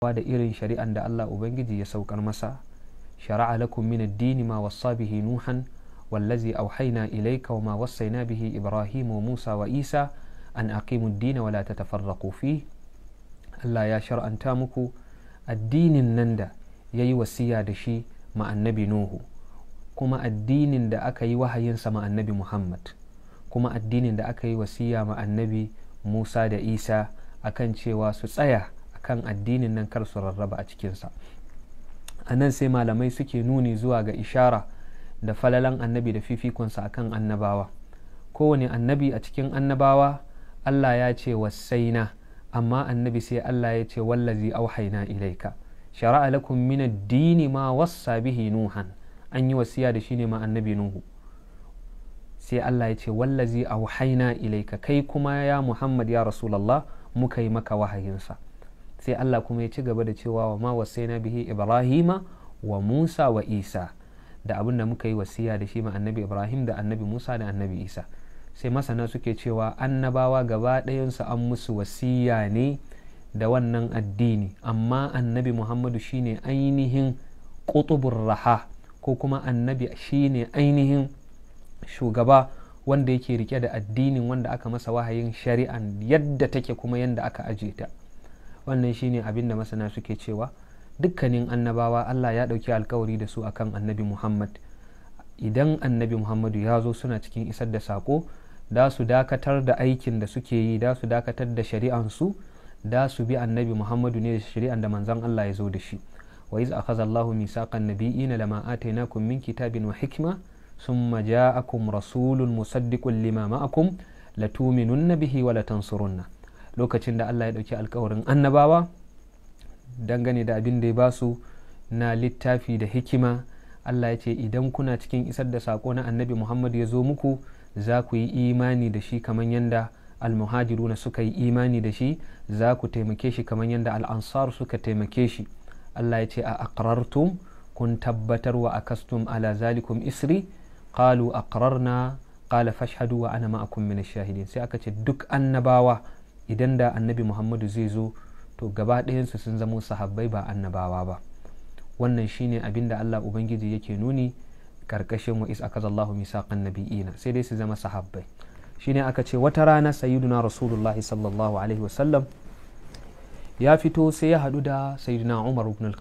da irin shari'an da Allah Ubangiji ya saukar masa shari'a lakum min ad-dini ma wassa bihi nuhan wallazi awhayna ilayka wa ma wassayna bihi ibrahim wa musa wa isa an aqimu ad-dina wa la tatafarraqu fi Allah ya shar'anta muku addinin nan da yayi wasiya da shi ma annabi nuhu kuma addinin da aka yi wahayin sa ma annabi muhammad kuma addinin da aka yi wasiya ma annabi musa da isa akan cewa su tsaya kan addinin nan kar su rarraba a cikinsa a nan sai malamai suke nuni zuwa ga ishara da falalan annabi da fifikonsa akan annabawa kowane annabi a cikin annabawa allah ya ce wasaina amma annabi sai allah ya ce wallazi auhaina ilaika shara'a lakum min ad-dini ma wassa bihi nuhan an yi wasiya da shi ne ma annabi nuhu sai Allah ya ce wallazi auhaina ilaika kai kuma ya Muhammad ya Rasulallah muka yi maka wahayinsa sai Allah kuma ya ci gaba da cewa wa ma wasaina bihi ibrahima wa musa wa isa da abin da muka yi wasiya da shi ma annabi ibrahim da annabi musa da annabi isa sai masana suke cewa annabawa gaba ɗayansu an musu wasiya ne da wannan addini amma annabi muhammadu shine ainihin ƙutubun raha ko kuma annabi shine ainihin shugaba wanda yake rike da addinin wanda aka masa wahayin shari'an yadda take kuma yadda aka aje ta. wannan shine abin da masana suke cewa dukkanin annabawa Allah ya ɗauki alkawari da su akan annabi Muhammad idan annabi Muhammadu ya zo suna cikin isar da sako da su dakatar da aikin da suke yi da su dakatar da shari'ansu da su bi annabi Muhammadu ne da shari'an da manzon Allah ya zo da shi wa iz akhadha Allahu misaqan nabiyina lama atainakum min kitabin wa hikma thumma ja'akum rasulun musaddiqun lima ma'akum latuminunna bihi wa latansurunna lokacin da Allah ya ɗauki alkawarin annabawa dangane da abin da ya basu na littafi da hikima Allah ya ce idan kuna cikin isar da saƙo na annabi Muhammad ya zo muku za ku yi imani da shi kamar yadda almuhajiruna suka yi imani da shi za ku taimake shi kamar yadda al'ansar suka taimake shi Allah ya ce a aqrartum kun tabbatar wa kastum ala zalikum isri qalu aqrarna qala fashhadu wa ana ma'akum min ash-shahidin sai aka ce duk annabawa idan da annabi muhammadu zai zo to gaba ɗayansu sun zamo sahabbai ba annabawa ba wannan shine abin da allah ubangiji yake nuni karkashin wa is akazallahu misaqan ina sai dai su zama sahabbai shine aka ce wata rana sayyiduna rasulullahi sallallahu alaihi wasallam ya fito sai ya haɗu da sayyiduna umar ibn al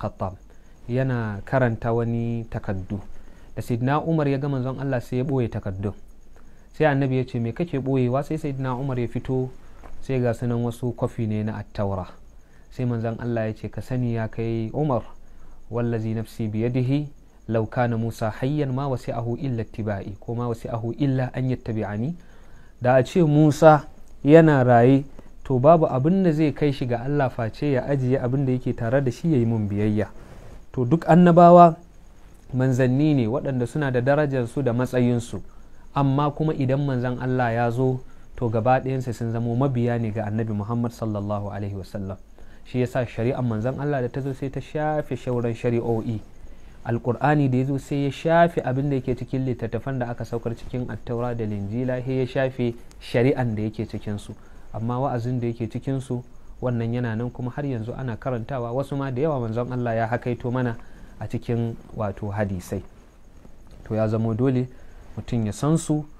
yana karanta wani takaddu da sayyiduna umar ya ga manzon Allah sai ya ɓoye takaddun sai annabi ya ce me kake ɓoyewa sai sayyiduna umar ya fito sai ga sunan wasu kwafi ne na attaura sai manzan Allah ya ce ka sani ya kai Umar wallazi nafsi biyadihi law kana Musa hayyan ma ahu illa tibai ko ma ahu illa an yattabi'ani da a ce Musa yana raye to babu abin da zai kai shi ga Allah face ya ajiye abin da yake tare da shi ya yi mun biyayya to duk annabawa manzanni ne waɗanda suna da darajarsu da matsayinsu amma kuma idan manzan Allah ya zo to gaba ɗayansa sun zamo mabiya ne ga annabi muhammad sallallahu alaihi wasallam shi yasa shari'ar manzon allah da ta zo sai ta shafe shauran shari'o'i alkur'ani da ya zo sai ya shafe abin da yake cikin littattafan da aka saukar cikin attaura da linjila sai ya shafe shari'an da yake cikinsu amma wa'azin da yake cikinsu wannan yana nan kuma har yanzu ana karantawa wasu ma da yawa manzon allah ya hakaito mana a cikin wato hadisai to ya zamo dole mutum ya san su